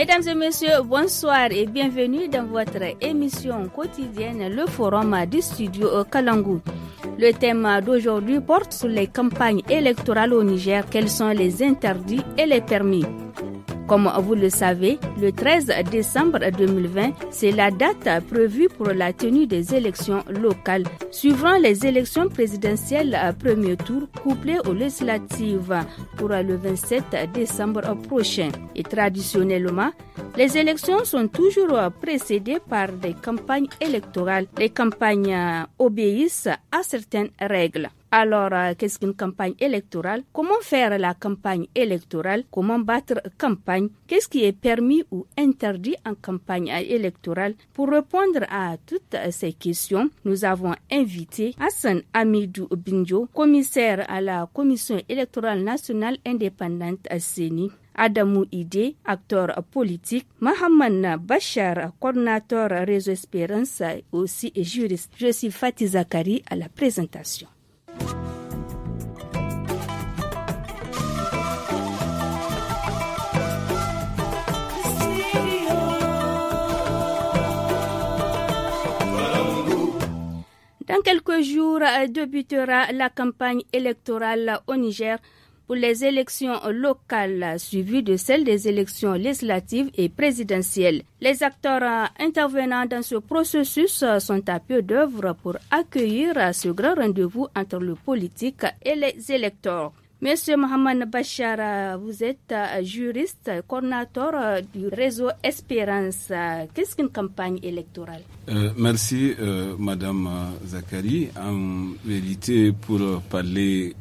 Mesdames et messieurs, bonsoir et bienvenue dans votre émission quotidienne Le Forum du studio Kalangou. Le thème d'aujourd'hui porte sur les campagnes électorales au Niger, quels sont les interdits et les permis. Comme vous le savez, le 13 décembre 2020, c'est la date prévue pour la tenue des élections locales, suivant les élections présidentielles à euh, premier tour couplées aux législatives pour euh, le 27 décembre prochain. Et traditionnellement, les élections sont toujours euh, précédées par des campagnes électorales. Les campagnes obéissent à certaines règles. Alors, euh, qu'est-ce qu'une campagne électorale Comment faire la campagne électorale Comment battre campagne Qu'est-ce qui est permis ou interdit en campagne électorale Pour répondre à toutes euh, ces questions, nous avons invité Hassan Amidou Bindjo, commissaire à la Commission électorale nationale indépendante à euh, CENI. Adamou Ide, acteur politique, Mohamed Bachar, coordinateur Réseau Espérance, aussi juriste. Je suis Fatih Zakari à la présentation. Dans quelques jours euh, débutera la campagne électorale au Niger pour les élections locales suivies de celles des élections législatives et présidentielles. Les acteurs euh, intervenant dans ce processus euh, sont à peu d'œuvre pour accueillir ce grand rendez-vous entre le politique et les électeurs. Monsieur Mohamed Bachara, vous êtes euh, juriste, coordinateur euh, du réseau Espérance. Qu'est-ce qu'une campagne électorale euh, Merci, Madame Zakari. En vérité, pour parler,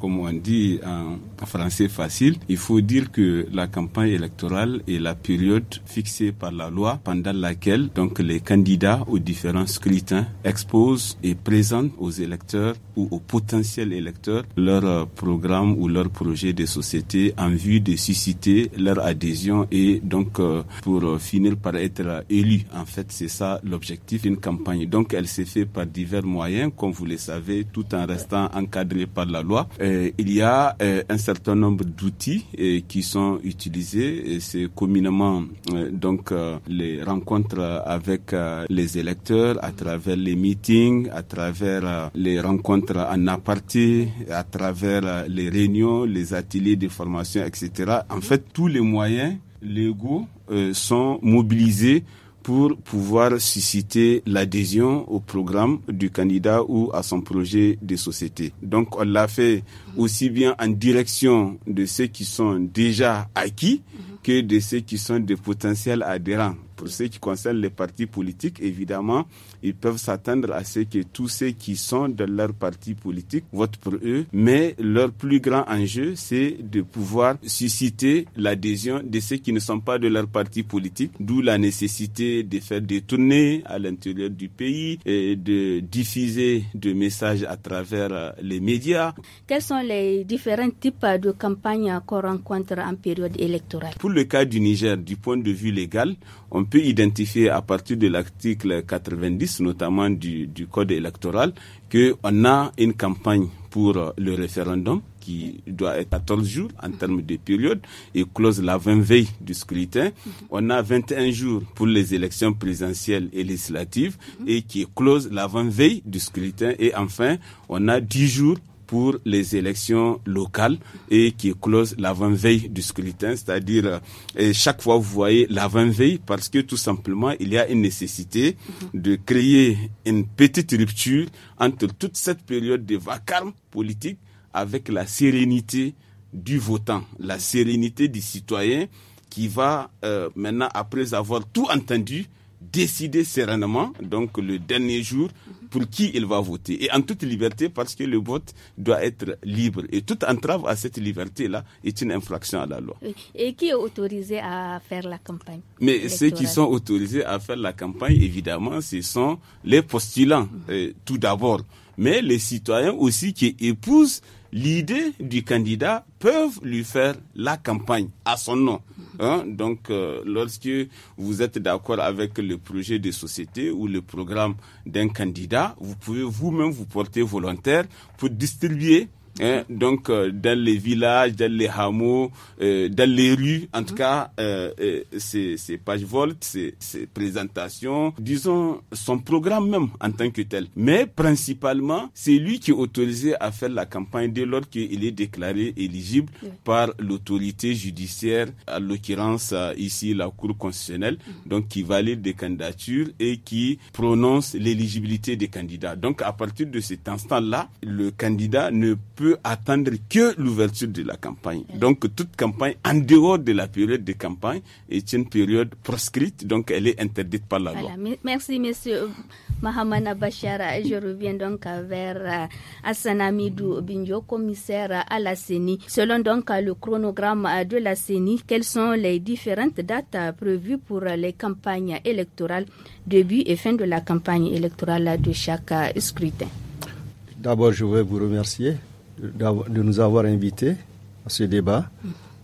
comme on dit en français facile, il faut dire que la campagne électorale est la période fixée par la loi pendant laquelle donc les candidats aux différents scrutins exposent et présentent aux électeurs ou aux potentiels électeurs leur programme ou leur projet de société en vue de susciter leur adhésion et donc euh, pour euh, finir par être euh, élu. En fait, c'est ça l'objectif d'une campagne. Donc, elle s'est faite par divers moyens, comme vous le savez, tout en restant encadré par la loi. il y a un certain nombre d'outils qui sont utilisés. C'est communément donc les rencontres avec les électeurs à travers les meetings, à travers les rencontres en aparté, à travers les réunions, les ateliers de formation, etc. En fait, tous les moyens légaux goûts euh, sont mobilisés pour pouvoir susciter l'adhésion au programme du candidat ou à son projet de société. Donc on l'a fait aussi bien en direction de ceux qui sont déjà acquis mhm. que de ceux qui sont des potentiels adhérents pour ce qui concerne les partis politiques, évidemment, ils peuvent s'attendre à ce que tous ceux qui sont de leur parti politique votent pour eux. Mais leur plus grand enjeu, c'est de pouvoir susciter l'adhésion de ceux qui ne sont pas de leur parti politique, d'où la nécessité de faire des tournées à l'intérieur du pays et de diffuser des messages à travers euh, les médias. Quels sont les différents types de campagnes qu'on rencontre en période électorale Pour le cas du Niger, du point de vue légal, on peut identifier à partir de l'article 90, notamment du, code électoral, que on a une campagne pour le référendum qui doit être 14 jours en termes de période et close la 20 veille du scrutin. Mhm. On a 21 jours pour les élections présidentielles et législatives mhm. et qui close la 20 veille du scrutin. Et enfin, on a 10 jours pour les élections locales et qui close l'avant-veille du scrutin, c'est-à-dire euh, chaque fois vous voyez l'avant-veille parce que tout simplement il y a une nécessité de créer une petite rupture entre toute cette période de vacarme politique avec la sérénité du votant, la sérénité du citoyen qui va euh, maintenant, après avoir tout entendu, décider sereinement, donc le dernier jour, pour qui il va voter. Et en toute liberté, parce que le vote doit être libre. Et toute entrave à cette liberté-là est une infraction à la loi. Et qui est autorisé à faire la campagne Mais ceux qui sont autorisés à faire la campagne, évidemment, ce sont les postulants, mhm. euh, tout d'abord. Mais les citoyens aussi qui épousent l'idée du candidat peuvent lui faire la campagne à son nom. Hein? Donc, euh, lorsque vous êtes d'accord avec le projet de société ou le programme d'un candidat, vous pouvez vous-même vous porter volontaire pour distribuer Hein, donc, euh, dans les villages, dans les hameaux, euh, dans les rues, en tout cas, euh, euh ces, pages volt ces, présentations, disons, son programme même en tant que tel. Mais principalement, c'est lui qui est autorisé à faire la campagne dès lors qu'il est déclaré éligible par l'autorité judiciaire, à l'occurrence euh, ici la Cour constitutionnelle, mhm. donc qui valide des candidatures et qui prononce l'éligibilité des candidats. Donc, à partir de cet instant-là, le candidat ne peut attendre que l'ouverture de la campagne. Donc toute campagne en dehors de la période de campagne est une période proscrite, donc elle est interdite par la loi. Merci Monsieur Mahamana Bachara. Je reviens donc vers euh, Asanamidou Amidou Binjo, commissaire à la CENI. Selon donc euh, le chronogramme euh, de la CENI, quelles sont les différentes dates prévues pour les campagnes électorales, début et fin de la campagne électorale de chaque scrutin D'abord, je veux vous remercier de nous avoir invités à ce débat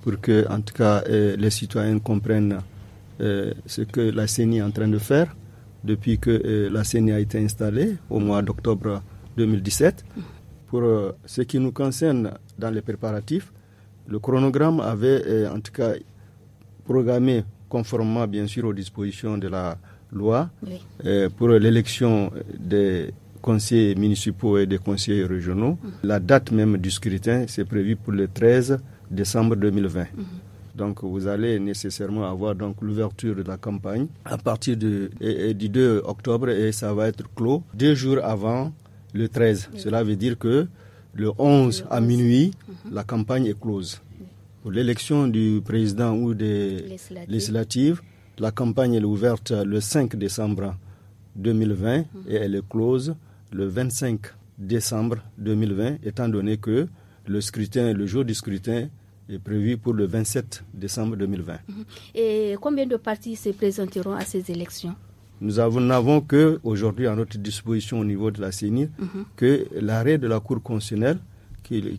pour que, en tout cas, euh, les citoyens comprennent euh, ce que la CENI est en train de faire depuis que euh, la CENI a été installée au mois d'octobre 2017. Pour ce qui nous concerne dans les préparatifs, le chronogramme avait, en tout cas, programmé, conformément bien sûr aux dispositions de la loi, pour l'élection des conseillers municipaux et des conseillers régionaux. Mm-hmm. La date même du scrutin, c'est prévu pour le 13 décembre 2020. Mm-hmm. Donc vous allez nécessairement avoir donc l'ouverture de la campagne à partir du 2 octobre et ça va être clos deux jours avant le 13. Cela veut dire que le 11 à minuit, mm-hmm. la campagne est close. Pour l'élection du président ou des législatives, la campagne est ouverte le 5 décembre 2020 et elle est close le 25 décembre 2020, étant donné que le scrutin, le jour du scrutin est prévu pour le 27 décembre 2020. Mhm. Et combien de partis se présenteront à ces élections Nous n'avons que aujourd'hui à notre disposition au niveau de la CENI mhm. que l'arrêt de la Cour constitutionnelle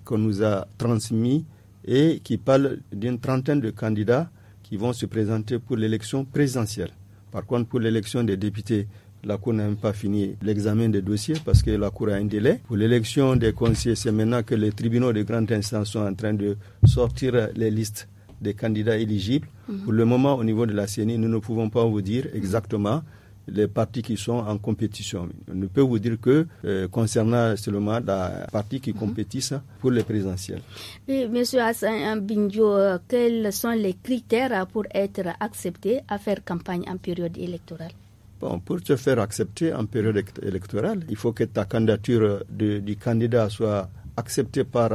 qu'on nous a transmis et qui parle d'une trentaine de candidats qui vont se présenter pour l'élection présidentielle. Par contre, pour l'élection des députés la Cour n'a même pas fini l'examen des dossiers parce que la Cour a un délai. Pour l'élection des conseillers, c'est maintenant que les tribunaux de grande instance sont en train de sortir les listes des candidats éligibles. Mhm. Pour le moment, au niveau de la CNI, nous ne pouvons pas vous dire exactement les partis qui sont en compétition. On ne peut vous dire que euh, concernant seulement la partie qui mhm. compétissent pour les présidentielles. Monsieur Hassan Bindio, euh, quels sont les critères pour être accepté à faire campagne en période électorale Bon, pour te faire accepter en période électorale, il faut que ta candidature du candidat soit acceptée par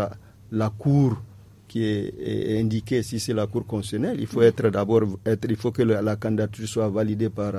la Cour qui est, indiquée, si c'est la Cour constitutionnelle. Il faut être d'abord, être, il faut que la, candidature soit validée par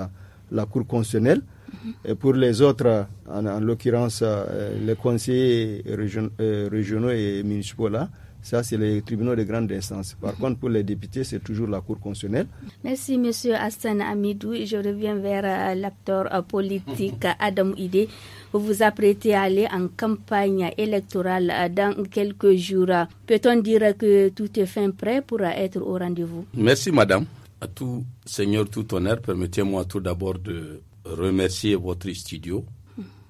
la Cour constitutionnelle. Mm-hmm. Et pour les autres, en, l'occurrence, euh, les conseillers euh, régionaux et municipaux là, ça, c'est les tribunaux de grande instance. Par contre, pour les députés, c'est toujours la Cour constitutionnelle. Merci, M. Hassan Amidou. Je reviens vers euh, l'acteur euh, politique Adam Idé. Vous vous apprêtez à aller en campagne électorale euh, dans quelques jours. Peut-on dire que tout est fin prêt pour être au rendez-vous Merci, madame. À tout seigneur, tout honneur, permettez-moi tout d'abord de remercier votre studio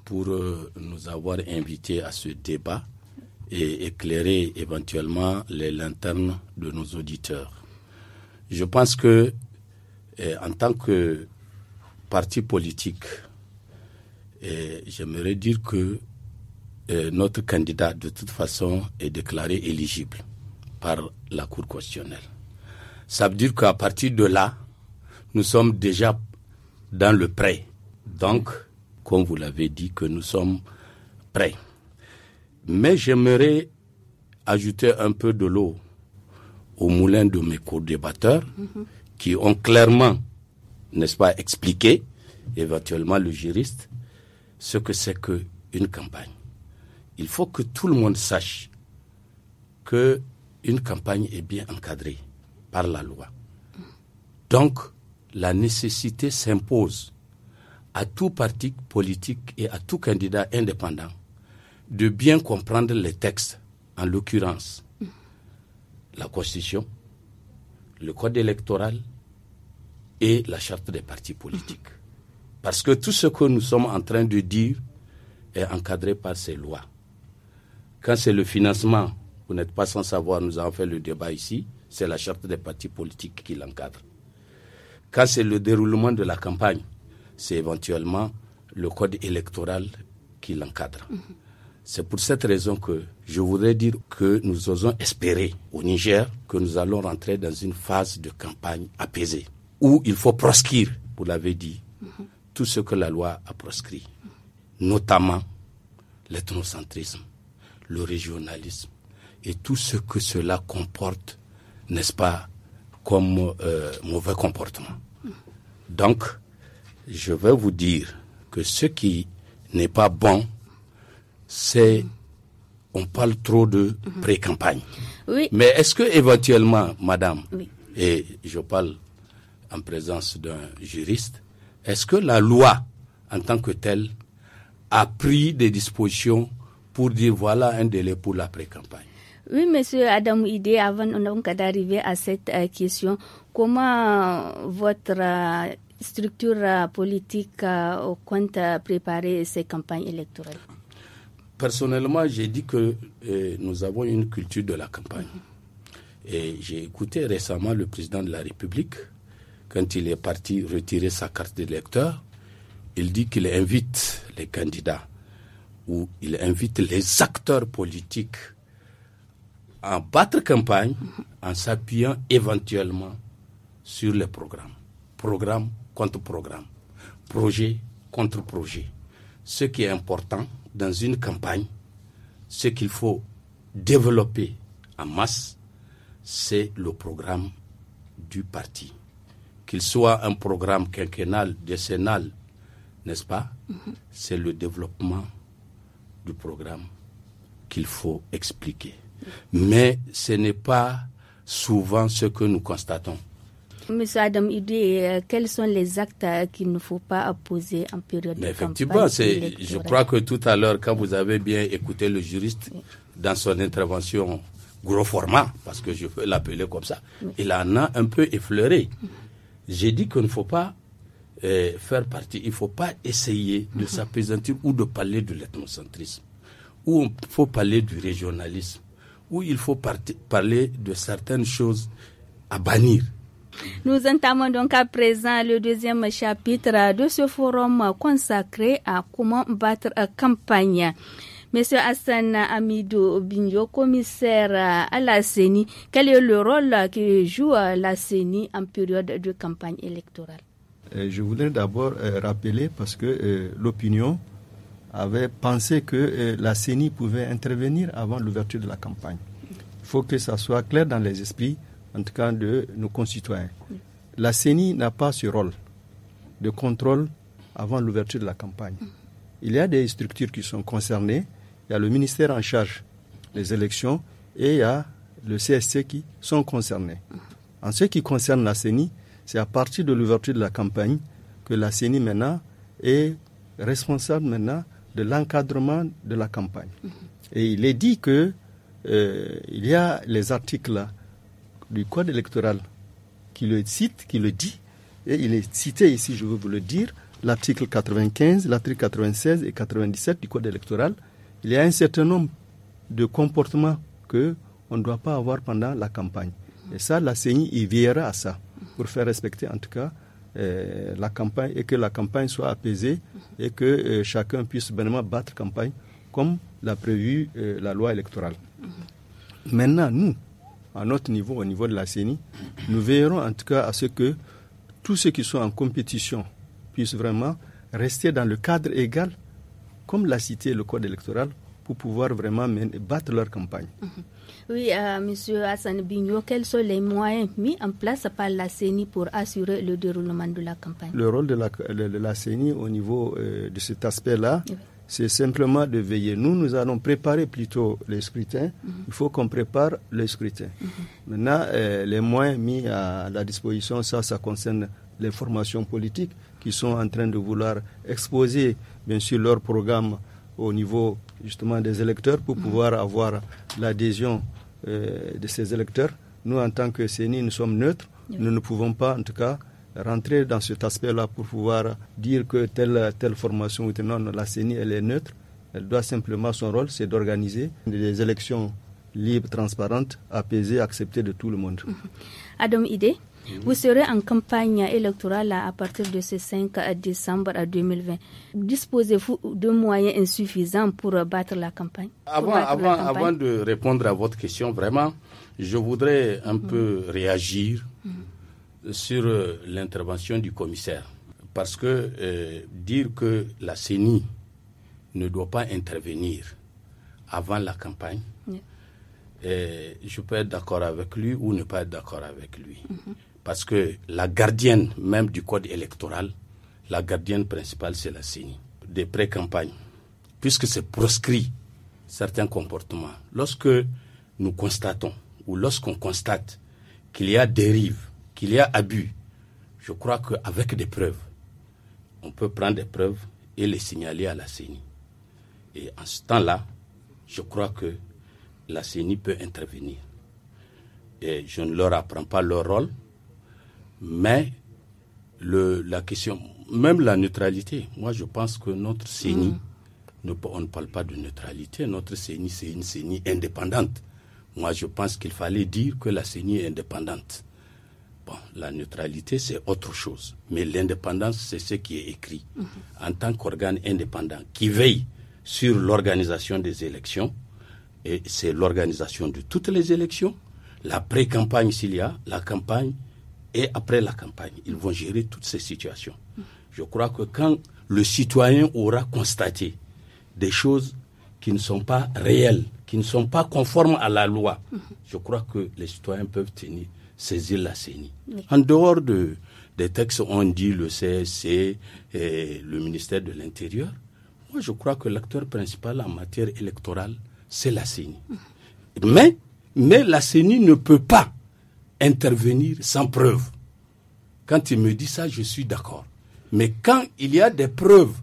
pour nous avoir invités à ce débat et éclairer éventuellement les lanternes de nos auditeurs. Je pense que, eh, en tant que parti politique, eh, j'aimerais dire que eh, notre candidat, de toute façon, est déclaré éligible par la Cour constitutionnelle. Ça veut dire qu'à partir de là, nous sommes déjà dans le prêt. Donc, comme vous l'avez dit, que nous sommes prêts. Mais j'aimerais ajouter un peu de l'eau au moulin de mes co-débatteurs qui ont clairement, n'est-ce pas, expliqué, éventuellement le juriste, ce que c'est qu'une campagne. Il faut que tout le monde sache qu'une campagne est bien encadrée par la loi. Donc, la nécessité s'impose à tout parti politique et à tout candidat indépendant de bien comprendre les textes, en l'occurrence la Constitution, le Code électoral et la Charte des partis politiques. Parce que tout ce que nous sommes en train de dire est encadré par ces lois. Quand c'est le financement, vous n'êtes pas sans savoir, nous avons fait le débat ici, c'est la Charte des partis politiques qui l'encadre. Quand c'est le déroulement de la campagne, c'est éventuellement le Code électoral qui l'encadre. C'est pour cette raison que je voudrais dire que nous osons espérer au Niger que nous allons rentrer dans une phase de campagne apaisée, où il faut proscrire, vous l'avez dit, tout ce que la loi a proscrit, notamment l'ethnocentrisme, le régionalisme et tout ce que cela comporte, n'est-ce pas, comme euh, mauvais comportement. Donc, je vais vous dire que ce qui n'est pas bon, c'est on parle trop de mhm. pré-campagne. Oui. Mais est-ce que éventuellement, madame, et je parle en présence d'un juriste, est-ce que la loi en tant que telle a pris des dispositions pour dire voilà un délai pour la pré-campagne Oui, monsieur Adam Idé, avant d'arriver à cette euh, question, comment votre euh, structure euh, politique compte préparer ces campagnes électorales personnellement, j'ai dit que euh, nous avons une culture de la campagne. Et j'ai écouté récemment le président de la République, quand il est parti retirer sa carte d'électeur, il dit qu'il invite les candidats ou il invite les acteurs politiques à battre campagne en s'appuyant éventuellement sur les programmes. Programme contre programme, projet contre projet. Ce qui est important, dans une campagne, ce qu'il faut développer en masse, c'est le programme du parti. Qu'il soit un programme quinquennal, décennal, n'est-ce pas mhm. C'est le développement du programme qu'il faut expliquer. Mhm. Mais ce n'est pas souvent ce que nous constatons. Monsieur Adam euh, quels sont les actes euh, qu'il ne faut pas poser en période de campagne effectivement, je crois que tout à l'heure, quand vous avez bien écouté le juriste dans son intervention gros format, parce que je peux l'appeler comme ça, il en a un peu effleuré. J'ai dit qu'il ne faut pas euh, faire partie, il ne faut pas essayer de mhm. s'apaisantir ou de parler de l'ethnocentrisme, ou il faut parler du régionalisme, ou il faut parler de certaines choses à bannir. Nous entamons donc à présent le deuxième chapitre de ce forum consacré à comment battre campagne. Monsieur Hassan Amidou Binjo, commissaire à la CENI, quel est le rôle que joue la CENI en période de campagne électorale euh, Je voudrais d'abord euh, rappeler, parce que euh, l'opinion avait pensé que la CENI pouvait intervenir avant l'ouverture de la campagne. Il faut que ça soit clair dans les esprits en tout cas de nos concitoyens. La CENI n'a pas ce rôle de contrôle avant l'ouverture de la campagne. Il y a des structures qui sont concernées. Il y a le ministère en charge des élections et il y a le CSC qui sont concernés. En ce qui concerne la CENI, c'est à partir de l'ouverture de la campagne que la CENI maintenant est responsable maintenant de l'encadrement de la campagne. Et il est dit que euh, il y a les articles du code électoral qui le cite, qui le dit, et il est cité ici, je veux vous le dire, l'article 95, l'article 96 et 97 du code électoral. Il y a un certain nombre de comportements que on ne doit pas avoir pendant la campagne. Et ça, la CENI y veillera à ça, pour faire respecter en tout cas euh, la campagne et que la campagne soit apaisée et que euh, chacun puisse vraiment battre campagne comme l'a prévu euh, la loi électorale. Maintenant, nous, à notre niveau, au niveau de la CENI, nous veillerons en tout cas à ce que tous ceux qui sont en compétition puissent vraiment rester dans le cadre égal, comme l'a cité le Code électoral, pour pouvoir vraiment mener, battre leur campagne. Mhm. Oui, M. Euh, Monsieur Hassan Bigno, quels sont les moyens mis en place par la CENI pour assurer le déroulement de la campagne Le rôle de la, CENI au niveau euh, de cet aspect-là, c'est simplement de veiller. Nous, nous allons préparer plutôt les scrutins. Mhm. Il faut qu'on prépare les scrutins. Mhm. Maintenant, euh, les moyens mis à la disposition, ça, ça concerne les formations politiques qui sont en train de vouloir exposer, bien sûr, leur programme au niveau justement des électeurs pour mhm. pouvoir avoir l'adhésion euh, de ces électeurs. Nous, en tant que CENI, nous sommes neutres. Nous ne pouvons pas, en tout cas, rentrer dans cet aspect-là pour pouvoir dire que telle, telle formation ou telle non, la CENI, elle est neutre. Elle doit simplement, son rôle, c'est d'organiser des élections libres, transparentes, apaisées, acceptées de tout le monde. Adam Idé, vous serez en campagne électorale à partir de ce 5 décembre 2020. Disposez-vous de moyens insuffisants pour battre la campagne Avant, avant, avant de répondre à votre question, vraiment, je voudrais un peu mhm. réagir mhm sur euh, l'intervention du commissaire. Parce que euh, dire que la CENI ne doit pas intervenir avant la campagne, euh, je peux être d'accord avec lui ou ne pas être d'accord avec lui. Parce que la gardienne même du code électoral, la gardienne principale, c'est la CENI. Des pré-campagnes, puisque c'est proscrit certains comportements, lorsque nous constatons ou lorsqu'on constate qu'il y a dérive il y a abus, je crois qu'avec des preuves, on peut prendre des preuves et les signaler à la CENI. Et en ce temps-là, je crois que la CENI peut intervenir. Et je ne leur apprends pas leur rôle, mais la question, même la neutralité, moi je pense que notre CENI, mm. on ne parle pas de neutralité, notre CENI c'est une CENI indépendante. Moi je pense qu'il fallait dire que la CENI est indépendante la neutralité, c'est autre chose. Mais l'indépendance, c'est ce qui est écrit. Mhm. En tant qu'organe indépendant qui veille sur l'organisation des élections, et c'est l'organisation de toutes les élections, la pré-campagne s'il y a, la campagne et après la campagne. Ils vont gérer toutes ces situations. Mhm. Je crois que quand le citoyen aura constaté des choses qui ne sont pas réelles, qui ne sont pas conformes à la loi, mhm. je crois que les citoyens peuvent tenir saisir la CENI. En dehors de, des textes, on dit le CSC et le ministère de l'Intérieur. Moi, je crois que l'acteur principal en matière électorale, c'est la CENI. Mm-hmm. Mais, mais la CENI ne peut pas intervenir sans preuve. Quand il me dit ça, je suis d'accord. Mais quand il y a des preuves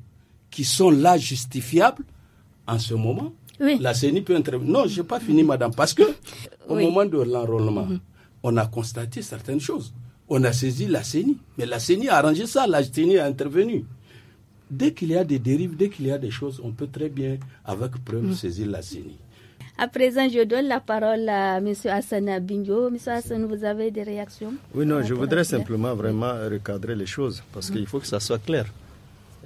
qui sont là justifiables, en ce moment, la CENI peut intervenir. Non, je n'ai pas fini, madame, parce que au moment de l'enrôlement, mm-hmm on a constaté certaines choses. On a saisi la CENI, mais la CENI a arrangé ça, la CENI a intervenu. Dès qu'il y a des dérives, dès qu'il y a des choses, on peut très bien, avec preuve, mm. saisir la CENI. À présent, je donne la parole à M. Hassan Bingo. M. Hassan, vous avez des réactions Oui, non, je voudrais simplement vraiment recadrer les choses parce qu'il mm. faut que ça soit clair.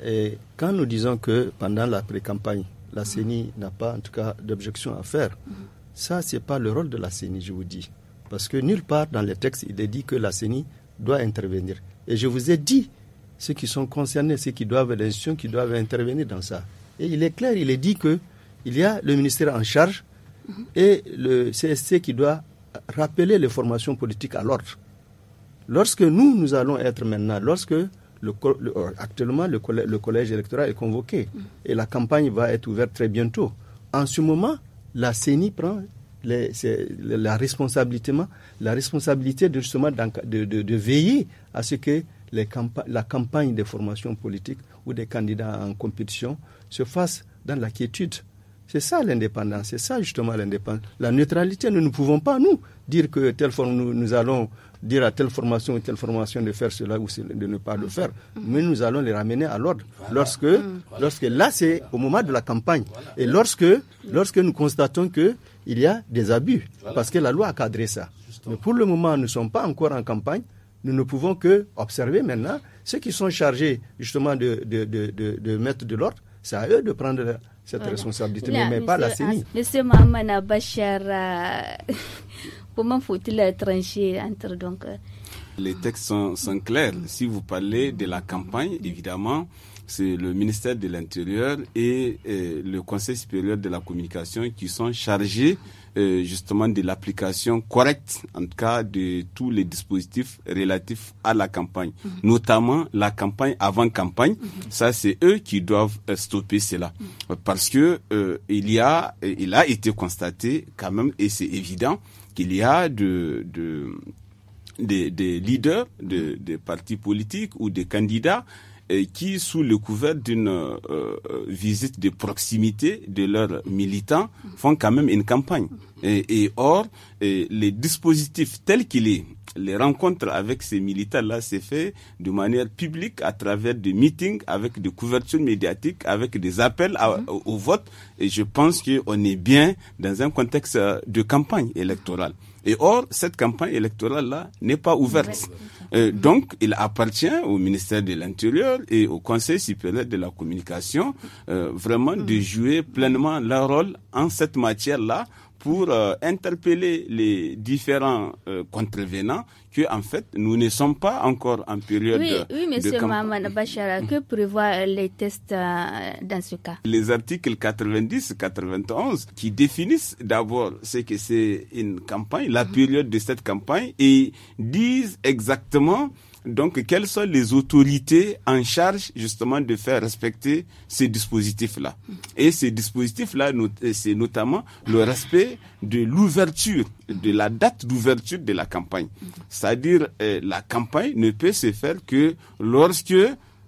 Et quand nous disons que pendant la pré-campagne, la CENI n'a pas en tout cas d'objection à faire, mm. ça, ce n'est pas le rôle de la CENI, je vous dis. Parce que nulle part dans les textes, il est dit que la CENI doit intervenir. Et je vous ai dit ceux qui sont concernés, ceux qui doivent, les qui doivent intervenir dans ça. Et il est clair, il est dit que il y a le ministère en charge et le CSC qui doit rappeler les formations politiques à l'ordre. Lorsque nous, nous allons être maintenant, lorsque euh, actuellement le collège, électoral est convoqué et la campagne va être ouverte très bientôt, en ce moment, la CENI prend la responsabilité, la responsabilité de justement de, veiller à ce que les la campagne des formations politiques ou des candidats en compétition se fasse dans la quiétude. C'est ça l'indépendance, c'est ça justement l'indépendance. La neutralité, nous ne pouvons pas, nous, dire que telle forme nous allons dire à telle formation ou telle formation de faire cela ou de ne pas le faire, mais nous allons les ramener à l'ordre. Lorsque, lorsque là, c'est au moment de la campagne. Et lorsque, lorsque nous constatons qu'il y a des abus, parce que la loi a cadré ça. Mais pour le moment, nous ne sommes pas encore en campagne. Nous ne pouvons que observer maintenant ceux qui sont chargés justement de, de, de, mettre de l'ordre. C'est à eux de prendre cette responsabilité, mais, pas la CENI. Monsieur Mamana Bachar, Comment faut-il trancher entre donc euh, Les textes sont, clairs. Si vous parlez de la campagne, évidemment, c'est le ministère de l'Intérieur et, euh, le Conseil supérieur de la communication qui sont chargés euh, justement de l'application correcte, en tout cas, de tous les dispositifs relatifs à la campagne, mhm. notamment la campagne avant campagne. Mhm. Ça, c'est eux qui doivent stopper cela, mhm. parce que il y a, il a été constaté quand même, et c'est évident, qu'il y a de, des, leaders, des partis politiques ou des candidats et qui, sous le couvert d'une euh, euh, visite de proximité de leurs militants, font quand même une campagne. Et, or, les dispositifs tels qu'il est, les rencontres avec ces militants-là, c'est fait de manière publique à travers des meetings, avec des couvertures médiatiques, avec des appels mhm. au, vote. Et je pense qu'on est bien dans un contexte euh, de campagne électorale. Et or, cette campagne électorale-là n'est pas ouverte. Euh, donc, il appartient au ministère de l'Intérieur et au Conseil supérieur de la communication euh, vraiment de mm. jouer pleinement leur rôle en cette matière-là pour euh, interpeller les différents euh, contrevenants que en fait nous ne sommes pas encore en période oui, de, oui monsieur Bachara que mm. prévoient euh, les tests dans ce cas les articles 90 91 qui définissent d'abord ce que c'est une campagne la mm-hmm. période de cette campagne et disent exactement donc, quelles sont les autorités en charge justement de faire respecter ces dispositifs-là Et ces dispositifs-là, euh, c'est notamment le respect de l'ouverture, de la date d'ouverture de la campagne. C'est-à-dire, euh, la campagne ne peut se faire que lorsque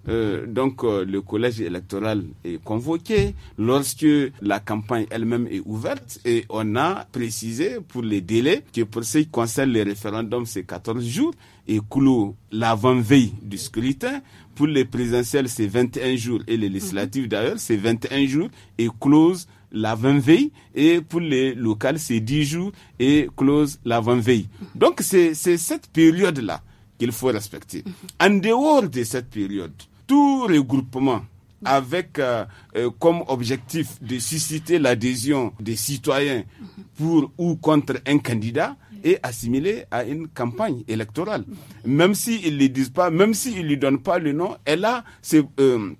euh, donc euh, le collège électoral est convoqué lorsque la campagne elle-même est ouverte et on a précisé pour les délais que pour ce qui concerne les référendums c'est 14 jours et clos l'avant-veille du scrutin. Pour les présidentielles c'est 21 jours et les législatives d'ailleurs c'est 21 jours et close l'avant-veille et pour les locales c'est 10 jours et close l'avant-veille. Donc c'est cette période-là qu'il faut respecter. En dehors de cette période, tout regroupement avec euh, euh, comme objectif de susciter l'adhésion des citoyens pour ou contre un candidat est assimilé à une campagne électorale. Même s'ils ne le disent pas, même s'ils ne lui donnent pas le nom, elle a ce, euh,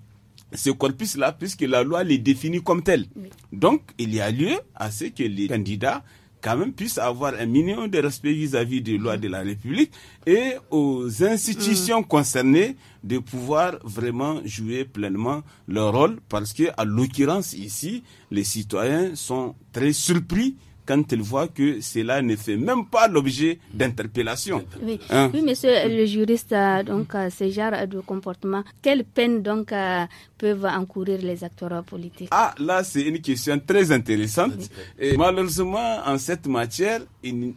corpus-là puisque la loi les définit comme tel. Donc, il y a lieu à ce que les candidats quand même puisse avoir un minimum de respect vis-à-vis des lois de la République et aux institutions mm. concernées de pouvoir vraiment jouer pleinement leur rôle parce que, à l'occurrence ici, les citoyens sont très surpris quand elle voit que cela ne fait même pas l'objet d'interpellation. Oui. Hein? monsieur le juriste, euh, donc, euh, ce genre de comportement, quelles peine donc euh, peuvent encourir les acteurs politiques Ah, là, c'est une question très intéressante. Et malheureusement, en cette matière,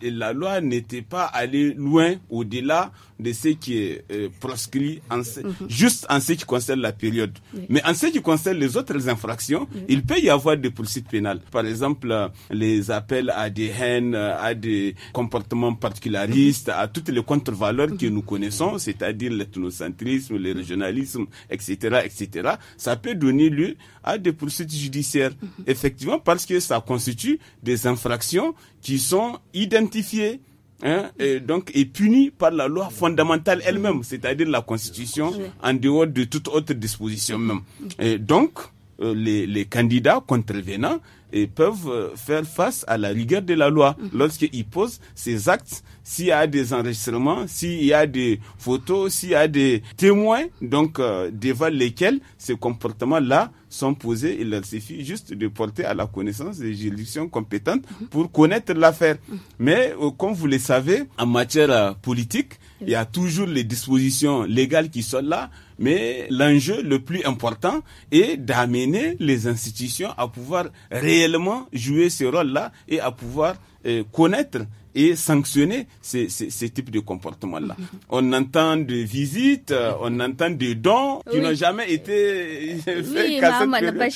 la loi n'était pas allée loin au-delà de ce qui est euh, proscrit en mhm. juste en ce qui concerne la période. Mais en ce qui concerne les autres infractions, il peut y avoir des poursuites pénales. Par exemple, les appels à des haines, à des comportements particularistes, à toutes les contre-valeurs que mhm. nous connaissons, c'est-à-dire l'ethnocentrisme, le régionalisme, etc., etc. Ça peut donner lieu à des poursuites judiciaires, mhm. effectivement, parce que ça constitue des infractions qui sont identifiées Hein? et donc est puni par la loi fondamentale elle-même, c'est-à-dire la Constitution, en dehors de toute autre disposition même. Et donc, euh, les, candidats contrevenants et euh, peuvent euh, faire face à la rigueur de la loi mhm. lorsqu'ils posent ces actes. S'il y a des enregistrements, s'il y a des photos, s'il y a des témoins, donc devant lesquels ces comportements-là sont posés, il leur suffit juste de porter à la connaissance des juridictions compétentes mhm. pour connaître l'affaire. Mhm. Mais comme vous le savez, en matière politique, il y a toujours les dispositions légales qui sont là mais l'enjeu le plus important est d'amener les institutions à pouvoir réellement jouer ce rôle-là et à pouvoir euh, connaître et sanctionner ces, ces, types de comportements-là. Mhm. On entend des visites, euh, on entend des dons qui n'ont jamais été euh, faits. Oui, Maman pas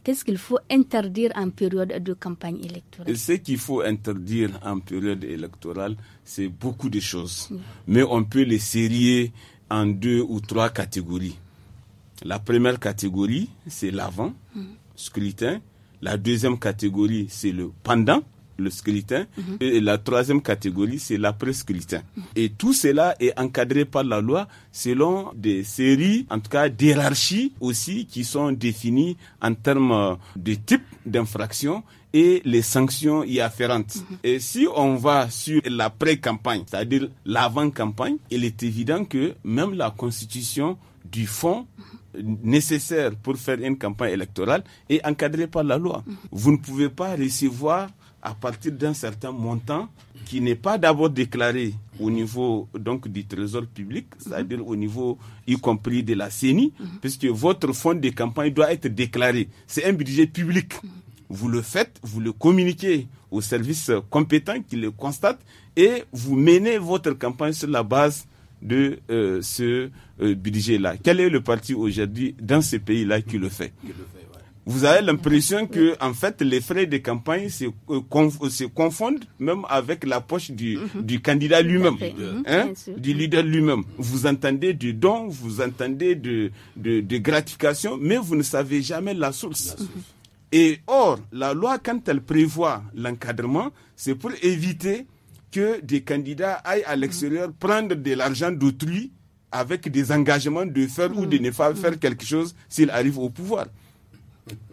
qu'est-ce qu'il faut interdire en période de campagne électorale Ce qu'il faut interdire en période électorale, c'est beaucoup de choses. Mais on peut les serrer en deux ou trois catégories. La première catégorie, c'est l'avant, mm. scrutin. La deuxième catégorie, c'est le pendant le scrutin. Mhm. Et la troisième catégorie, c'est l'après-scrutin. Mhm. Et tout cela est encadré par la loi selon des séries, en tout cas d'hierarchies aussi, qui sont définies en termes de type d'infraction et les sanctions y afférentes. Mhm. Et si on va sur la pré-campagne, c'est-à-dire l'avant-campagne, il est évident que même la constitution du fonds nécessaire pour faire une campagne électorale est encadrée par la loi. Vous ne pouvez pas recevoir à partir d'un certain montant qui n'est pas d'abord déclaré au niveau donc du trésor public, c'est-à-dire au niveau y compris de la CENI, puisque votre fonds de campagne doit être déclaré. C'est un budget public. Vous le faites, vous le communiquez aux services compétents qui le constatent et vous menez votre campagne sur la base de euh, ce euh, budget-là. Quel est le parti aujourd'hui dans ce pays-là qui le fait vous avez l'impression que en fait les frais de campagne se, euh, euh, confondent même avec la poche du, mhm. candidat lui-même, hein, du leader lui-même. Vous entendez du don, vous entendez de, de, gratification, mais vous ne savez jamais la source. Mhm. Et or, la loi, quand elle prévoit l'encadrement, c'est pour éviter que des candidats aillent à l'extérieur mhm. prendre de l'argent d'autrui avec des engagements de faire ou de ne pas faire quelque chose s'ils arrivent au pouvoir.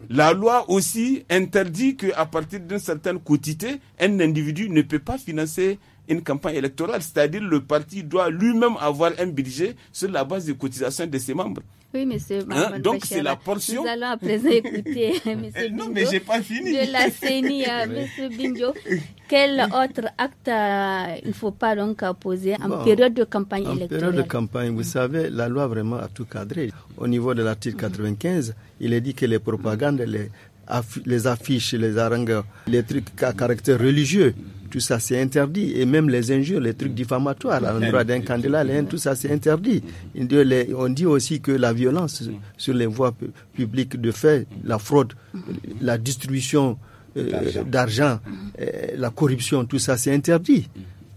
La loi aussi interdit qu'à partir d'une certaine quantité, un individu ne peut pas financer une campagne électorale, c'est-à-dire le parti doit lui-même avoir un budget sur la base des cotisations de ses membres. Oui, hein? monsieur. Donc, c'est la portion. Nous allons à présent écouter euh, monsieur eh pas fini. De la CENI, euh, monsieur Bingo. Quel autre acte euh, il ne faut pas donc poser en période de campagne électorale En période de campagne, vous savez, la loi vraiment a tout cadré. Au niveau de l'article 95, mhm. il est dit que les propagandes, les, les affiches, les harangues, les trucs à caractère religieux, tout ça c'est interdit. Et même les injures, les trucs mm. diffamatoires à mm. l'endroit d'un candidat, tout ça c'est interdit. Mm. On dit aussi que la violence sur les voies publiques de fait, la fraude, la distribution euh, d'argent, euh, la corruption, tout ça c'est interdit.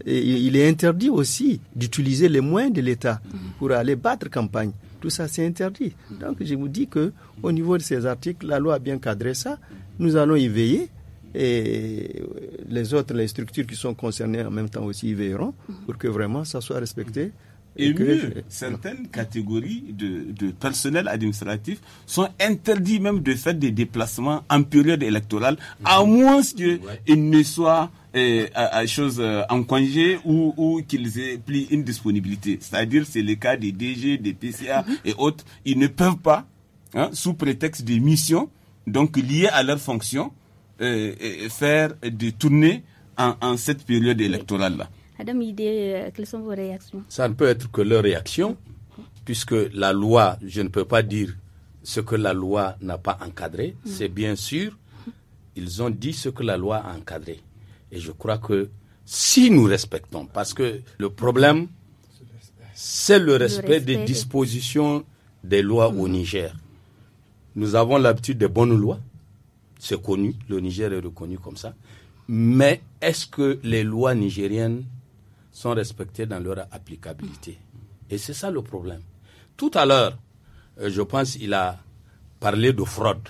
Et il est interdit aussi d'utiliser les moyens de l'État pour aller battre campagne. Tout ça, c'est interdit. Donc, je vous dis que, au niveau de ces articles, la loi a bien cadré ça. Nous allons y veiller. Et euh, les autres, les structures qui sont concernées en même temps aussi verront veilleront pour que vraiment ça soit respecté. Et, mieux, certaines catégories de, de, personnel administratif sont interdits même de faire des déplacements en période électorale, mhm. à moins qu'ils ne soient euh, à, chose euh, en congé ou, ou qu'ils aient pris une disponibilité. C'est-à-dire, c'est le cas des DG, des PCA mhm. et autres. Ils ne peuvent pas, hein, sous prétexte des missions, donc liées à leur fonction, euh, euh, faire des en, en cette période électorale-là. Adam euh, quelles sont vos réactions Ça ne peut être que leur réaction, puisque la loi, je ne peux pas dire ce que la loi n'a pas encadré. Mm. C'est bien sûr, ils ont dit ce que la loi a encadré. Et je crois que si nous respectons, parce que le problème, c'est le, respect des dispositions des lois au mm. Niger. Nous avons l'habitude des bonnes lois. C'est connu, le Niger est reconnu comme ça. Mais est-ce que les lois nigériennes sont respectées dans leur applicabilité Et c'est ça le problème. Tout à l'heure, euh, je pense il a parlé de fraude.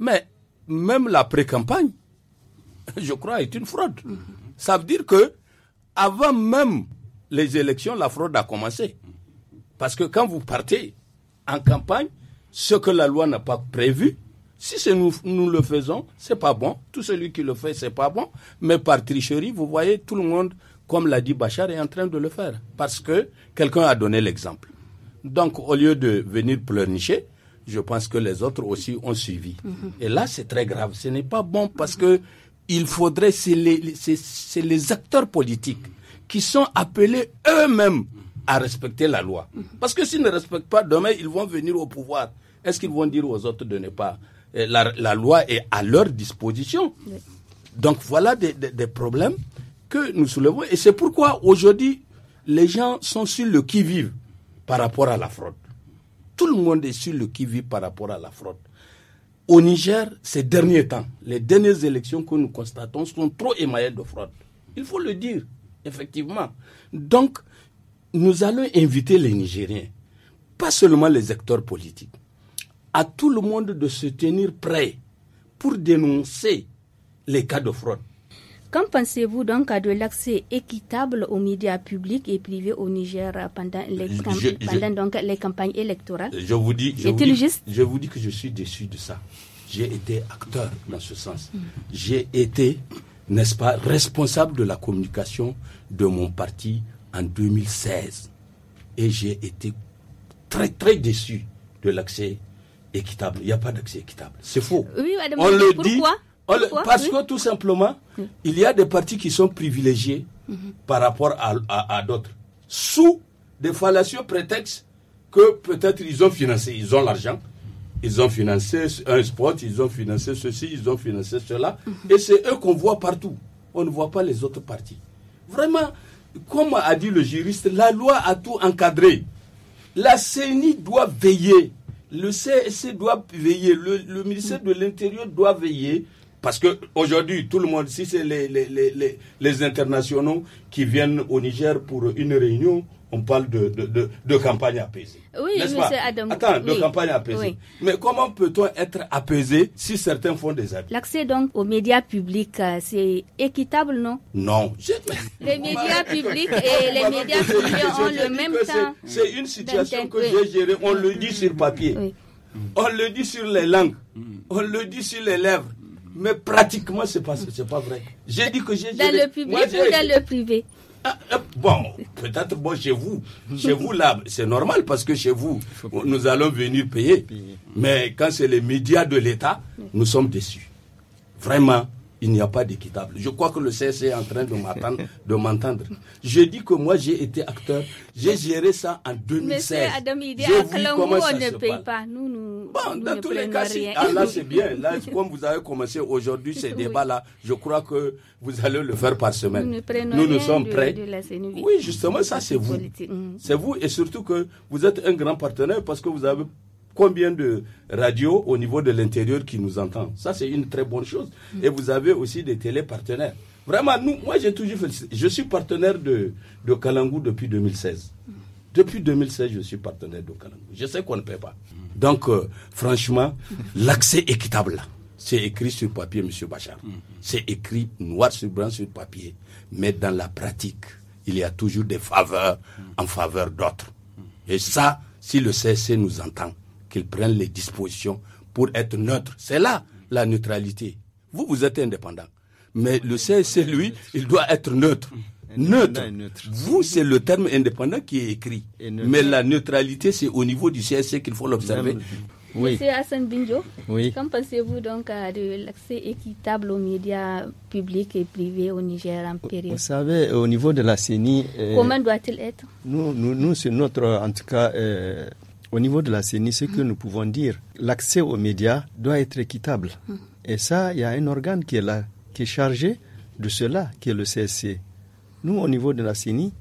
Mais même la pré-campagne, je crois, est une fraude. Ça veut dire que avant même les élections, la fraude a commencé. Parce que quand vous partez en campagne, ce que la loi n'a pas prévu, si nous, nous le faisons, c'est pas bon. Tout celui qui le fait, c'est pas bon. Mais par tricherie, vous voyez, tout le monde, comme l'a dit Bachar, est en train de le faire. Parce que quelqu'un a donné l'exemple. Donc, au lieu de venir pleurnicher, je pense que les autres aussi ont suivi. Et là, c'est très grave. Ce n'est pas bon parce que il faudrait, c'est les, acteurs politiques qui sont appelés eux-mêmes à respecter la loi. Parce que s'ils ne respectent pas, demain, ils vont venir au pouvoir. Est-ce qu'ils vont dire aux autres de ne pas euh, la, loi est à leur disposition. Donc voilà des, des, problèmes que nous soulevons. Et c'est pourquoi aujourd'hui, les gens sont sur le qui-vive par rapport à la fraude. Tout le monde est sur le qui-vive par rapport à la fraude. Au Niger, ces derniers temps, les dernières élections que nous constatons sont trop émaillées de fraude. Il faut le dire, effectivement. Donc, nous allons inviter les Nigériens, pas seulement les acteurs politiques, à tout le monde de se tenir prêt pour dénoncer les cas de fraude. Qu'en pensez-vous donc à de l'accès équitable aux médias publics et privés au Niger pendant les, campagnes électorales Je vous dis, que je suis déçu de ça. J'ai été acteur dans ce sens. Mm. J'ai été, n'est-ce pas, responsable de la communication de mon parti en 2016. Et j'ai été très très déçu de l'accès équitable. Il n'y a pas d'accès équitable. C'est faux. on le dit. parce que tout simplement, il y a des partis qui sont privilégiés mhm. par rapport à, d'autres. Sous des fallacieux prétextes que peut-être ils ont financé, ils ont l'argent, ils ont financé un sport, ils ont financé ceci, ils ont financé cela. Mhm. Et c'est eux qu'on voit partout. On ne voit pas les autres partis. Vraiment, comme a dit le juriste, la loi a tout encadré. La CENI doit veiller le CSC doit veiller, le, le ministère de l'Intérieur doit veiller, parce que aujourd'hui, tout le monde, si c'est les, les, les, internationaux qui viennent au Niger pour une réunion, on parle de, de, de, campagne apaisée. Oui, monsieur Adam. Attends, de campagne apaisée. Mais comment peut-on être apaisé si certains font des abus L'accès donc aux médias publics, euh, c'est équitable, non Non. Les médias publics et les médias privés ont le même temps. C'est une situation que j'ai gérée, on le dit sur papier. On le dit sur les langues, mm. on le dit sur les lèvres, mais pratiquement, c'est n'est pas, pas vrai. J'ai dit que j'ai géré. Dans le public ou dans le privé Bon, peut-être bon chez vous, chez vous là, c'est normal parce que chez vous, nous allons venir payer. Mais quand c'est les médias de l'État, nous sommes déçus. Vraiment, il n'y a pas d'équitable. Je crois que le CSC e est en train de m'attendre, m'entendre. Je dis que moi, j'ai été acteur, j'ai géré ça en 2016. Monsieur Adam, il dit on ne paye pas. bon, dans tous les cas, ah, c'est bien. Là, comme vous avez commencé aujourd'hui ces débat débats-là, je crois que vous allez le faire par semaine. Nous, ne nous, sommes prêts. oui, justement, ça, c'est vous. Mm. C'est vous et surtout que vous êtes un grand partenaire parce que vous avez combien de radios au niveau de l'intérieur qui nous entendent. Ça, c'est une très bonne chose. Et vous avez aussi des télépartenaires. Vraiment, nous, moi, j'ai toujours fait. Je suis partenaire de, de Kalangou depuis 2016. Depuis 2016, je suis partenaire de Kalangou. Je sais qu'on ne paie pas. Donc, euh, franchement, l'accès équitable, c'est écrit sur papier, Monsieur Bachar. C'est écrit noir sur blanc sur papier. Mais dans la pratique, il y a toujours des faveurs en faveur d'autres. Et ça, si le CC nous entend, qu'il prennent les dispositions pour être neutre. C'est là la neutralité. Vous, vous êtes indépendant. Mais le CSC, lui, il doit être neutre. Neutre. Vous, c'est le terme indépendant qui est écrit. Mais la neutralité, c'est au niveau du CSC qu'il faut l'observer. Oui. Monsieur Hassan Binjo, oui. qu'en pensez-vous donc euh, de l'accès équitable aux médias publics et privés au Niger en période Vous savez, au niveau de la CENI... Euh, Comment doit-il être nous, nous, c'est notre, en tout cas, euh, au niveau de la CENI, ce que mm. nous pouvons dire, l'accès aux médias doit être équitable. Mm. Et ça, il y a un organe qui est là, qui est chargé de cela, qui est le CSC. Nous, au niveau de la CENI,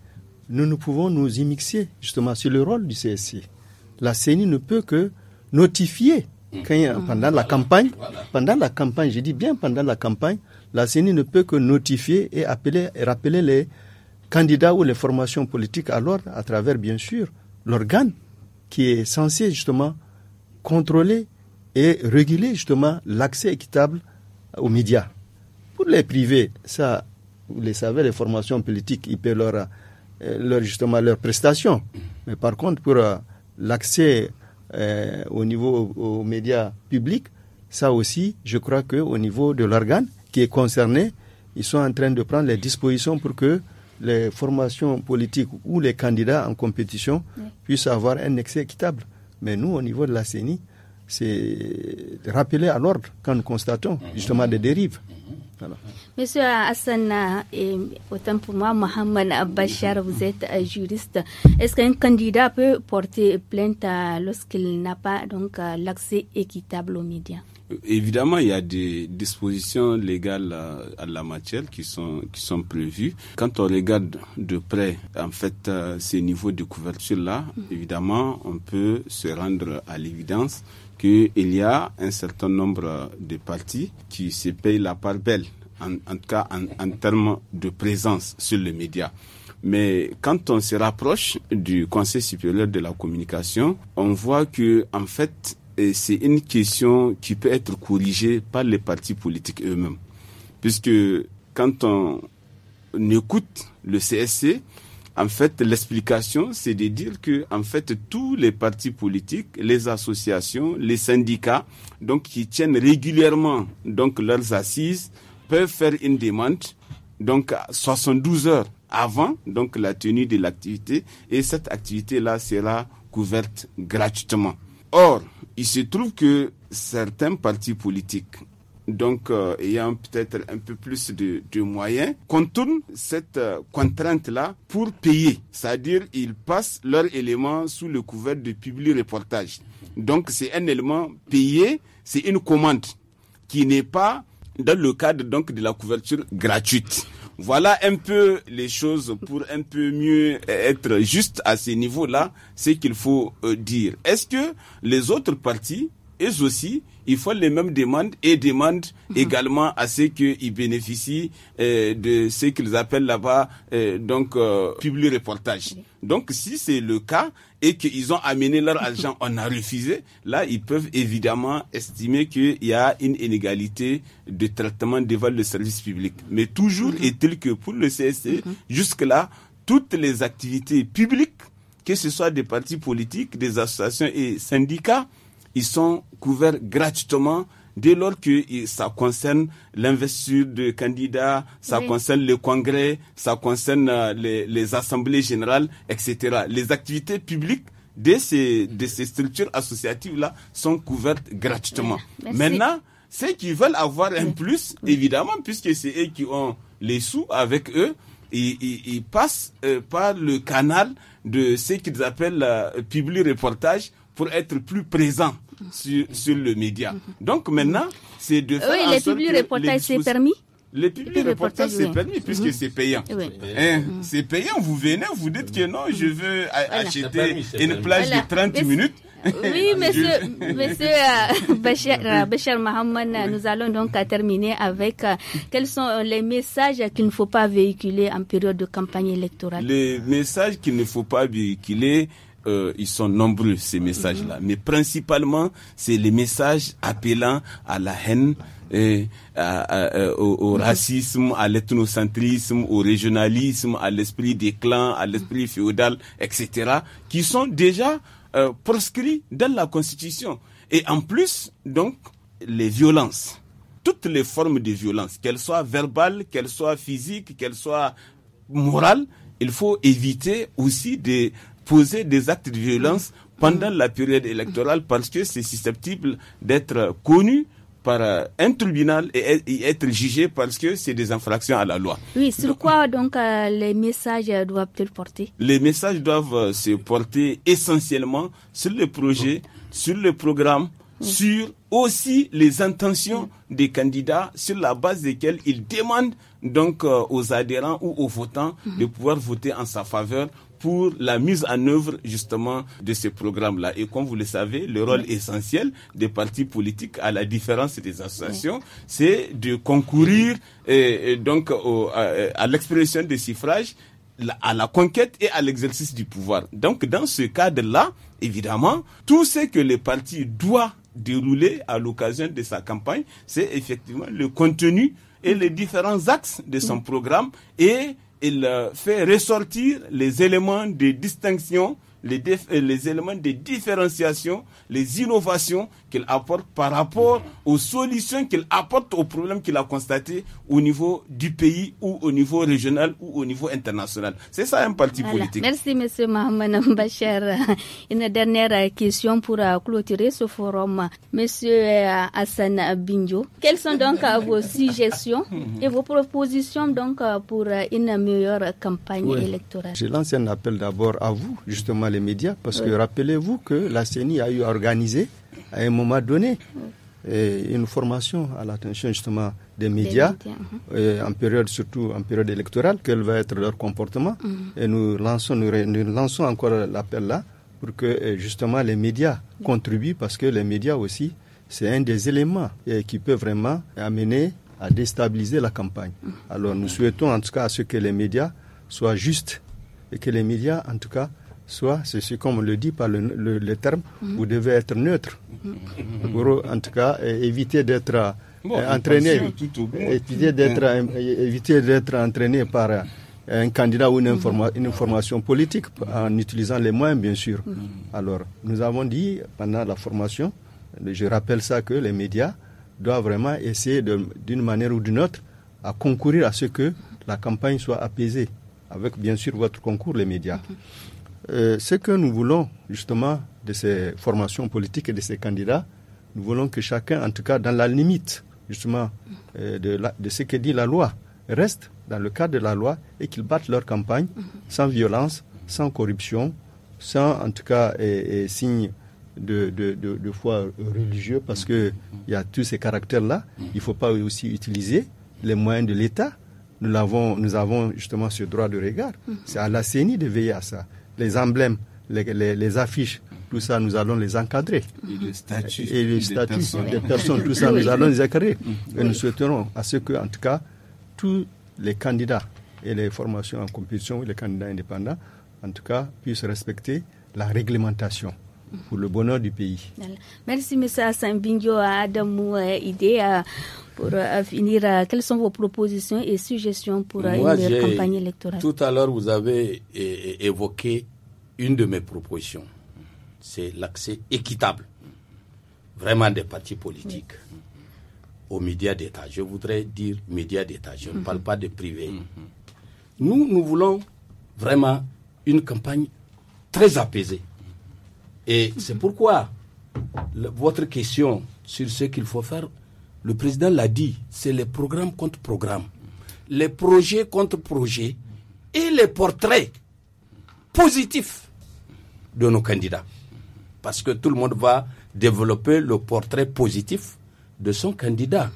nous ne pouvons nous immixer justement sur le rôle du CSC. La CENI ne peut que notifier mm. pendant la campagne, pendant la campagne, je dis bien pendant la campagne, la CENI ne peut que notifier et appeler, et rappeler les candidats ou les formations politiques à l'ordre à travers bien sûr l'organe qui est censé justement contrôler et réguler justement l'accès équitable aux médias. Pour les privés, ça, vous le savez, les formations politiques, ils paient leur, euh, leur, justement leurs prestations. Mais par contre, pour euh, l'accès euh, au niveau aux, médias publics, ça aussi, je crois qu'au niveau de l'organe qui est concerné, ils sont en train de prendre les dispositions pour que les formations politiques ou les candidats en compétition puissent avoir un excès équitable. Mais nous, au niveau de la CENI, c'est rappeler à l'ordre quand nous constatons justement des dérives. Monsieur Hassan, eh, autant pour moi, Mohamed Bachar, vous êtes juriste. Est-ce qu'un candidat peut porter plainte euh, lorsqu'il n'a pas donc euh, l'accès équitable aux médias euh, Évidemment, il y a des dispositions légales à, à, la matière qui sont, qui sont prévues. Quand on regarde de près, en fait, ces niveaux de couverture-là, mm. évidemment, on peut se rendre à l'évidence qu'il y a un certain nombre de partis qui se payent la part belle, en, tout cas en, termes de présence sur les médias. Mais quand on se rapproche du Conseil supérieur de la communication, on voit que, en fait, euh, c'est une question qui peut être corrigée par les partis politiques eux-mêmes. Puisque quand on écoute le CSC, en fait, l'explication, c'est de dire que, en fait, tous les partis politiques, les associations, les syndicats, donc, qui tiennent régulièrement, donc, leurs assises, peuvent faire une demande, donc, 72 heures avant, donc, la tenue de l'activité, et cette activité-là sera couverte gratuitement. Or, il se trouve que certains partis politiques donc euh, ayant peut-être un peu plus de, moyens, contournent cette euh, contrainte-là pour payer. C'est-à-dire, ils passent leur élément sous le couvert de public reportage. Donc, c'est un élément payé, c'est une commande qui n'est pas dans le cadre donc de la couverture gratuite. Voilà un peu les choses pour un peu mieux être juste à ce niveau-là, ce qu'il faut euh, dire. Est-ce que les autres parties eux aussi, ils font les mêmes demandes et demandent mhm. également à ceux qu'ils bénéficient euh, de ce qu'ils appellent là-bas euh, donc euh, public reportage. Donc si c'est le cas et qu'ils ont amené leur argent, on a refusé, là ils peuvent évidemment estimer qu'il y a une inégalité de traitement devant le service public. Mais toujours mhm. est-il que pour le CSC, e, mhm. jusque-là, toutes les activités publiques, que ce soit des partis politiques, des associations et syndicats, ils sont couverts gratuitement dès lors que ça concerne l'investiture de candidats, ça concerne le congrès, ça concerne euh, les, assemblées générales, etc. Les activités publiques de ces, structures associatives-là sont couvertes gratuitement. Maintenant, ceux qui veulent avoir un plus, évidemment, puisque c'est eux qui ont les sous avec eux, ils, passent euh, par le canal de ce qu'ils appellent euh, public reportage pour être plus présents sur, le média. Donc maintenant, c'est de faire. Oui, les publics reportages, c'est permis les publics reportages, c'est permis puisque mhm. c'est payant. Hein, mhm. C'est payant, vous venez, vous dites que non, je veux acheter une plage de 30 minutes. Oui, monsieur, monsieur euh, Bachar, euh, euh, nous allons donc terminer avec euh, quels sont les messages qu'il ne faut pas véhiculer en période de campagne électorale. Les messages qu'il ne faut pas véhiculer, euh, ils sont nombreux ces messages-là, mais principalement c'est les messages appelant à la haine, euh, au, racisme, à l'ethnocentrisme, au régionalisme, à l'esprit des clans, à l'esprit féodal, etc., qui sont déjà euh, proscrits dans la Constitution. Et en plus, donc, les violences, toutes les formes de violences, qu'elles soient verbales, qu'elles soient physiques, qu'elles soient morales, il faut éviter aussi des poser des actes de violence pendant la période électorale parce que c'est susceptible d'être connu par euh, un tribunal et être jugé parce que c'est des infractions à la loi. Oui, sur quoi donc euh, les messages doivent-ils porter Les messages doivent euh, se porter essentiellement sur le projet, oh. sur le programme, oh. sur aussi les intentions oh. des candidats sur la base desquelles ils demandent donc aux adhérents ou aux votants mm-hmm. de pouvoir voter en sa faveur pour la mise en œuvre justement de ces programmes-là. Et comme vous le savez, le rôle essentiel des partis politiques, à la différence des associations, c'est de concourir donc à, l'expression des suffrages à la conquête et à l'exercice du pouvoir. Donc dans ce cadre-là, évidemment, tout ce que le parti doit dérouler à l'occasion de sa campagne, c'est effectivement le contenu et les différents axes de son mm. programme et il euh, fait ressortir les éléments de distinction, euh, les, éléments de différenciation, les innovations qu'il apporte par rapport mhm. aux solutions qu'il apporte aux problèmes qu'il a constatés au niveau du pays ou au niveau régional ou au niveau international. C'est ça un parti politique. Merci, Monsieur Mohamed Bachar. Une dernière question pour euh, clôturer ce forum. Monsieur euh, Hassan Binjo, quelles sont donc euh, vos suggestions et vos propositions donc pour une meilleure campagne électorale Je lance un appel d'abord à vous, justement les médias, parce que rappelez-vous que la CENI a eu organisé à un moment donné euh, une formation à l'attention justement des médias, uh-huh. euh, en période surtout en période électorale, quel va être leur comportement. Uh-huh. Et nous lançons, nous, nous lançons encore l'appel là pour que euh, justement les médias contribuent parce que les médias aussi, c'est un des éléments qui peut vraiment amener à déstabiliser la campagne. Uh-huh. Alors nous souhaitons en tout cas à ce que les médias soient justes et que les médias en tout cas soit, c'est ce qu'on le dit par le, terme, mhm. vous devez être neutre. Mhm. en tout cas, éviter d'être euh, entraîné, éviter d'être hein. euh, entraîné par euh, un candidat ou une, mhm. une, formation politique en utilisant les moyens, bien sûr. Alors, nous avons dit pendant la formation, je rappelle ça que les médias doivent vraiment essayer d'une manière ou d'une autre à concourir à ce que la campagne soit apaisée, avec bien sûr votre concours, les médias. Euh, ce que nous voulons justement de ces formations politiques et de ces candidats, nous voulons que chacun, en tout cas dans la limite justement euh, de, ce que dit la loi, reste dans le cadre de la loi et qu'ils battent leur campagne sans violence, sans corruption, sans en tout cas signe de, foi religieux parce que il y a tous ces caractères-là. Il ne faut pas aussi utiliser les moyens de l'État. Nous, nous avons justement ce droit de regard. C'est à la CENI de veiller à ça les emblèmes, les, affiches, tout ça, nous allons les encadrer. Et les statuts. des, personnes. tout ça, nous allons les encadrer. Et nous souhaiterons à ce que, en tout cas, tous les candidats et les formations en compétition, les candidats indépendants, en tout cas, puissent respecter la réglementation pour le bonheur du pays. Merci, M. Assambingio Adamou euh, pour euh, finir, euh, quelles sont vos propositions et suggestions pour euh, une campagne électorale Tout à l'heure, vous avez évoqué une de mes propositions. C'est l'accès équitable, vraiment des partis politiques, aux médias d'État. Je voudrais dire médias d'État, je ne mhm. parle pas de privé. Nous, nous voulons vraiment une campagne très apaisée. Et c'est pourquoi votre question sur ce qu'il faut faire le président l'a dit, c'est les programmes contre programmes, les projets contre projets et les portraits positifs de nos candidats. Parce que tout le monde va développer le portrait positif de son candidat.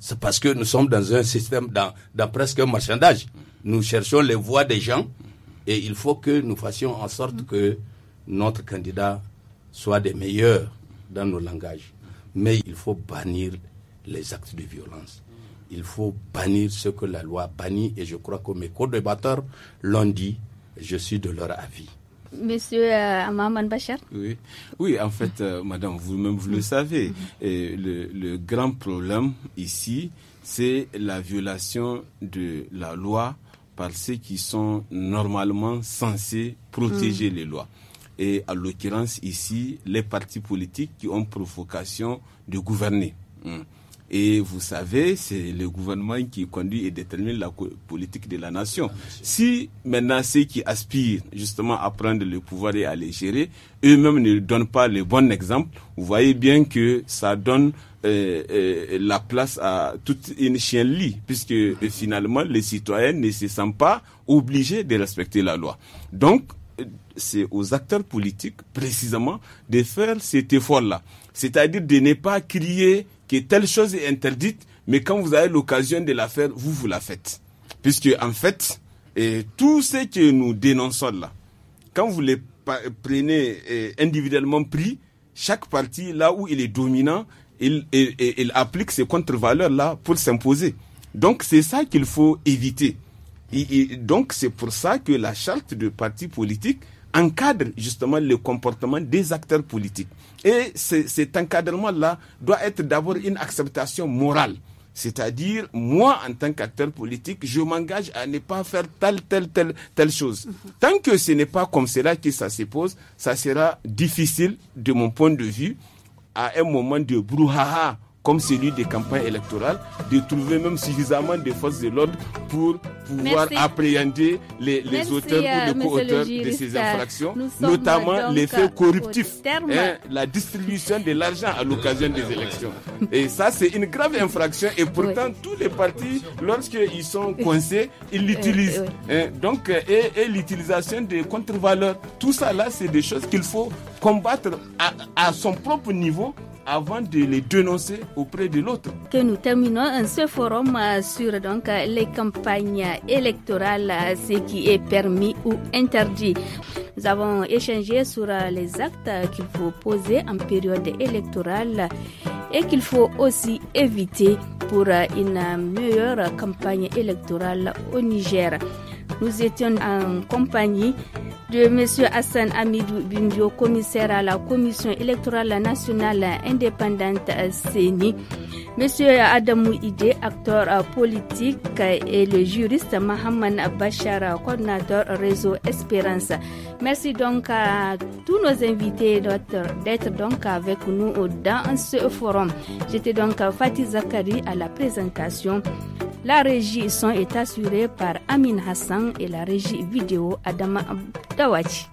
C'est parce que nous sommes dans un système, dans, dans presque un marchandage. Nous cherchons les voix des gens et il faut que nous fassions en sorte que notre candidat soit des meilleurs dans nos langages. Mais il faut bannir les actes de violence. Il faut bannir ce que la loi bannit et je crois que mes co-débatteurs l'ont dit, je suis de leur avis. Monsieur Amman euh, Amaman Bachar oui. oui, en fait, euh, madame, vous-même, vous le savez, et le, grand problème ici, c'est la violation de la loi par ceux qui sont normalement censés protéger mm. les lois et à l'occurrence ici les partis politiques qui ont provocation de gouverner. Hmm. Et vous savez, c'est le gouvernement qui conduit et détermine la politique de la nation. Si maintenant ceux qui aspirent justement à prendre le pouvoir et à les gérer, eux-mêmes ne donnent pas le bon exemple, vous voyez bien que ça donne euh, euh, la place à toute une chienlit, puisque euh, finalement les citoyens ne se sentent pas obligés de respecter la loi. Donc, c'est aux acteurs politiques, précisément, de faire cet effort-là. C'est-à-dire de ne pas crier que telle chose est interdite, mais quand vous avez l'occasion de la faire, vous, vous la faites. Puisque, en fait, et tout ce que nous dénonçons là, quand vous les prenez individuellement pris, chaque parti, là où il est dominant, il, applique ses contre-valeurs là pour s'imposer. Donc, c'est ça qu'il faut éviter. Et, donc, c'est pour ça que la charte de parti politique encadre justement le comportement des acteurs politiques. Et cet encadrement-là doit être d'abord une acceptation morale. C'est-à-dire, moi, en tant qu'acteur politique, je m'engage à ne pas faire telle, telle, telle, telle chose. Tant que ce n'est pas comme cela que ça se pose, ça sera difficile, de mon point de vue, à un moment de brouhaha comme celui des campagnes électorales, de trouver même suffisamment de forces de l'ordre pour pouvoir appréhender les, auteurs ou les euh, co-auteurs de ces infractions, notamment les faits corruptifs, hein, la distribution de l'argent à l'occasion des élections. Et ça, c'est une grave infraction et pourtant, tous les partis, lorsqu'ils sont coincés, ils euh, l'utilisent. Hein. donc, euh, et, l'utilisation des contre-valeurs, tout ça là, c'est des choses qu'il faut combattre à son propre niveau avant de les dénoncer auprès de l'autre. Que nous terminons ce forum euh, sur donc euh, les campagnes électorales, euh, ce qui est permis ou interdit. Nous avons échangé sur les actes qu'il faut poser en période électorale et qu'il faut aussi éviter pour une meilleure campagne électorale au Niger. Nous étions en compagnie de M. Hassan Amidou Bindio, commissaire à la Commission électorale nationale indépendante CENI, euh, M. Adamou Ide, acteur euh, politique, euh, et le juriste Mohamed Bachar, coordinateur réseau Espérance. Merci donc à tous nos invités d'être donc avec nous dans ce forum. J'étais donc Fatih Zakari à la présentation. La régie est assurée par Amin Hassan. Hassan e la régie vidéo Adama Dawachi.